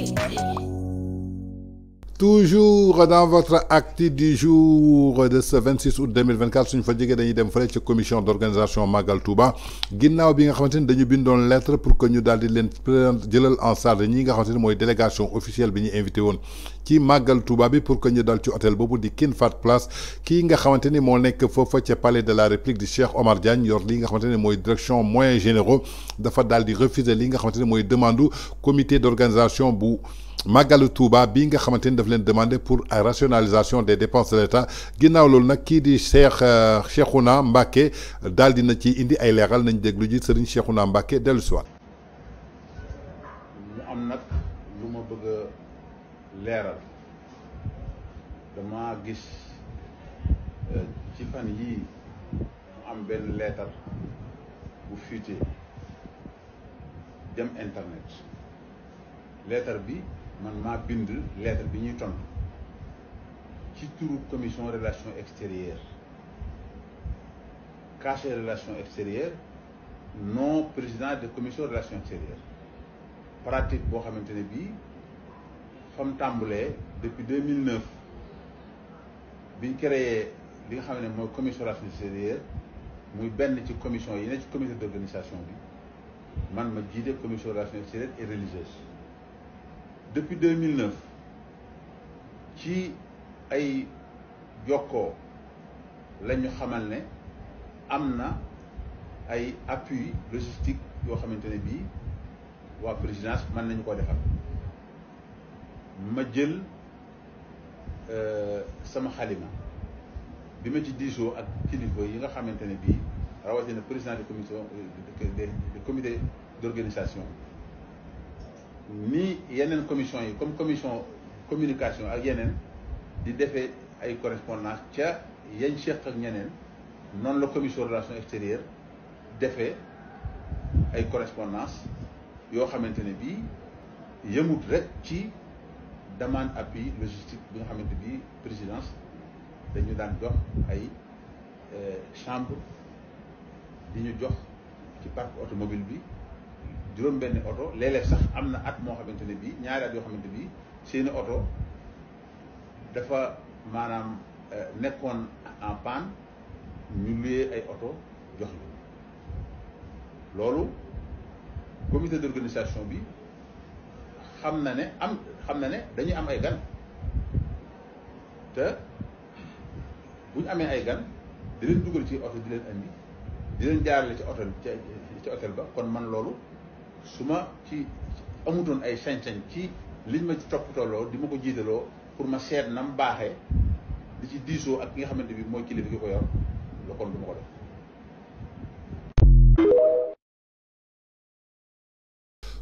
Yeah. toujours dans votre acte du jour de ce 26 août 2024 suñu fa jógee dañuy dem fële ca commission d'organisation Magal Touba ginnaaw bi nga xamante dañu lettre pour que ñu daal di leen jëlal en salle. ñi nga xamante ni délégation officielle bi ñu invité woon ci Magal Touba bi pour que ñu dal ci hôtel boobu di King Place kii nga xamante ni moo nekk foofa ca palais de la République du Cheikh Omar Diagne yor li nga xamante ni direction moyens généraux dafa daal di refuser li nga xamante ni mooy comité d'organisation bu. Magalou Touba bi nga xamante daf leen demandé pour rationalisation des dépenses de l'État ginnaaw lool nak ki di Cheikh euh, Cheikhouna Mbacké daal dina ci indi ay leeral nañ déglu ji Serigne Cheikhouna Mbacké delu si ñu am nak luma bëgg a dama gis euh, ci fan yi am ben lettre. bu futé dem internet Lettre bi man ma bind lettre bi ñuy tontu ci turu commission relations extérieures cachet relations extérieures non président de commission relations extérieures pratique boo xamante ne bii fa depuis 2009 biñ créé li nga xam ne commission relations extérieures muy benn ci commission yi Je ci comité d' organisation bi man ma commission relations extérieures et religieuse depuis 2009 qui a de la xamal appui logistique de la présidence de la ko defal ma jël euh, sama ak yi nga président euh, de comité d'organisation. comité ni yenen commission yi comme commission communication ak yenen di defé ay correspondance ca yeen seq ak ñenen non la commission relations extérieure defé ay correspondance yo xamantene bi bii yëmut rek ci demande appui logistique bi nga xamante bi présidence dañu daan jox ay euh, chambre di ñu jox ci parc automobile bi juróom-benn oto léeg sax am na at moo xamante ne bii ñaari at yoo xamante bii seeni oto dafa maanaam euh, nekkoon en panne ñu luyee ay oto jox ñu loolu comité d'organisation bi xam na ne am xam na ne dañuy am ay gan te bu amee ay gan di leen dugal ci oto di leen andi di leen jaarale ci oto ci hôtel ba kon man loolu su ma ci amutoon ay sañ-sañ ci liñ ma ci toppatoo di ma ko jiitaloo pour ma seet nam baaxee di ci diisoo ak ki nga xamante bi mooy kilifa gi ko yor la kon du ma ko def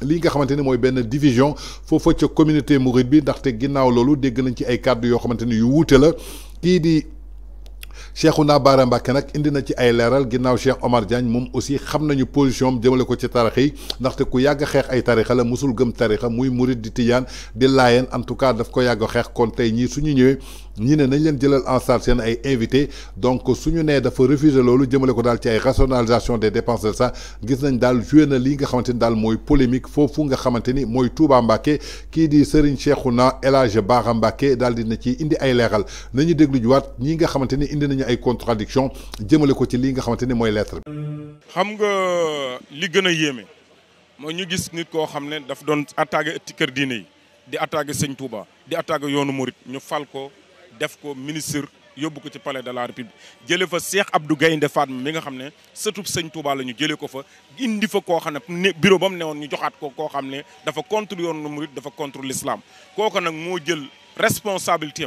li nga xamanteni moy ben benn division foofa ci communauté mouride bi ndaxte ginnaw loolu dégg nañ ci ay cadre yo xamanteni yu wuute la ki di. Cheikhouna Bara Mbacké nag indi na ci ay leeral ginnaaw Cheikh Omar Diagne moom aussi xam nañu position am jëmale ko ci tarixa yi ndaxte ku yàgg xeex ay tarixa la musul gëm tarixa muy murid di tijaan di laayeen en tout cas daf ko yàgg xeex kon tey su ñu ñëwee ñi ne nañ leen jëlal en charge seen ay invité donc suñu nee dafa refuser loolu jëmale ko daal ci ay rationalisation des dépenses de ça gis nañ daal joué na lii nga xamante ni daal mooy polémique foofu nga xamante ni mooy Touba Mbacké kii di Serigne Cheikhouna El Hadj Bara Mbacké daal dina ci indi ay leeral indi nañu ay contradiction ko ci li nga xamanteni ne lettre xam nga li que a avons ñu gis nit daf doon attaquer ci kër di attaquer Seigne Touba di ñu fal ministre ko ci palais de la République fa Cheikh Abdou mi nga Touba ko fa indi fa bureau ñu ko dafa contre contre l'islam koko jël responsabilité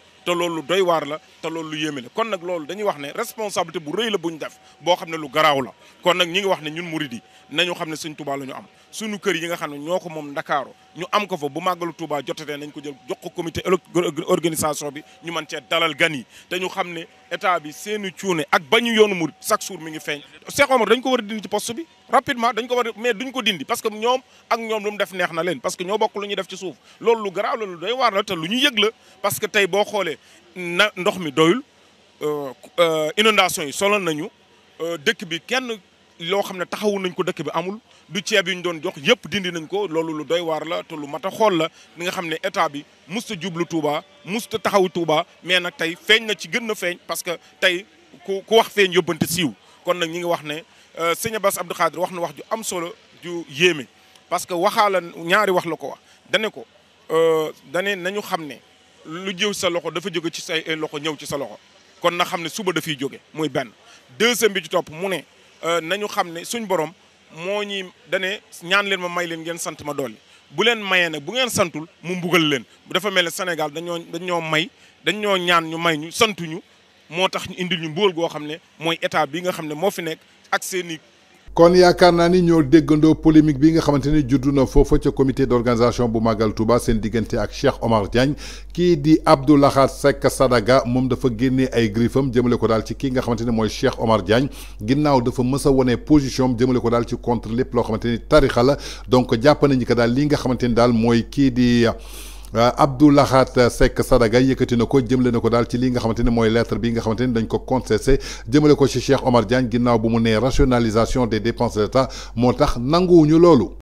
te loolu doy waar la te loolu lu yéeme la kon nag loolu dañuy wax ne responsabilité bu rëy la bu def boo xam ne lu garaaw la kon nag ñi ngi wax ne ñun murid yi nañu xam ne sëñ Touba la am suñu kër yi nga xam ne ñoo ko moom Ndakaaru ñu am ko fa bu màggalu jot jotatee nañ ko jël jox ko comité organisation bi ñu mën cee dalal gan yi te ñu xam ne état bi seeni cuune ak ba ñu yoonu murid chaque jour mi ngi feeñ Cheikh Omar dañ ko war a dindi ci poste bi rapidement dañ ko war mais duñ ko dindi parce que ñom ak ñom lu mu def neex na leen parce que ño bokku lu ñu def ci souf loolu lu garaaw loolu doy war la te lu ñu yëg la parce que tay bo xolé ndox mi doyul euh euh inondation yi solo nañu euh dëkk bi kenn lo xamne taxawu nañ ko dëkk bi amul du ceeb yi ñu doon jox yépp dindi nañ ko loolu lu doy war la te lu mata xol la li nga xamne état bi musta jublu Touba musta taxawu Touba mais nak tay feñ na ci gën na feñ parce que tay ku wax feñ yóbbante siiw kon nak ñi ngi wax ne Euh, sëñ Abass Abdou Khadre wax na wax ju am solo ju yéeme parce que waxaala ñaari wax la ko wax dane ko euh, dane nañu xam ne lu jëw sa loxo dafa jóge ci say loxo ñëw ci sa loxo kon na xam ne suba dafiy jóge muy benn deuxième bi ci topp mu ne euh, nañu xam ne suñ borom moo ñi dane ñaan leen ma may leen ngeen sant ma dolli bu leen mayee nag bu ngeen santul mu mbugal leen dafa mel ne Sénégal dañoo dañoo may dañoo ñaan ñu may ñu santuñu motax ñu indi ñu mbóol go xam moy état bi nga xam mo fi nek ak seeni kon yaakaar naa ni ñoo déggandoo polémique bi nga xamanteni ni juddu na foofa ca comité d'organisation bu Magal Touba seen diggante ak Cheikh Omar Diagne ki di Abdou Lahad sek Sadaga mom dafa génnee ay griffam jëmele ko dal ci ki nga xamanteni moy Cheikh Omar Diagne ginnaw dafa mës woné wone position jëmale ko dal ci contre lepp lo xamanteni tarixa la donc japp nañu ko dal li nga xamanteni dal moy ki kii di. Euh, Abdou Sek Seck Sadaga yëkëti na ko jëmale na ko daal ci li nga xamante ne lettre bi nga ko ko Omar Diagne ginnaw bu rationalisation des dépenses de l'État moo loolu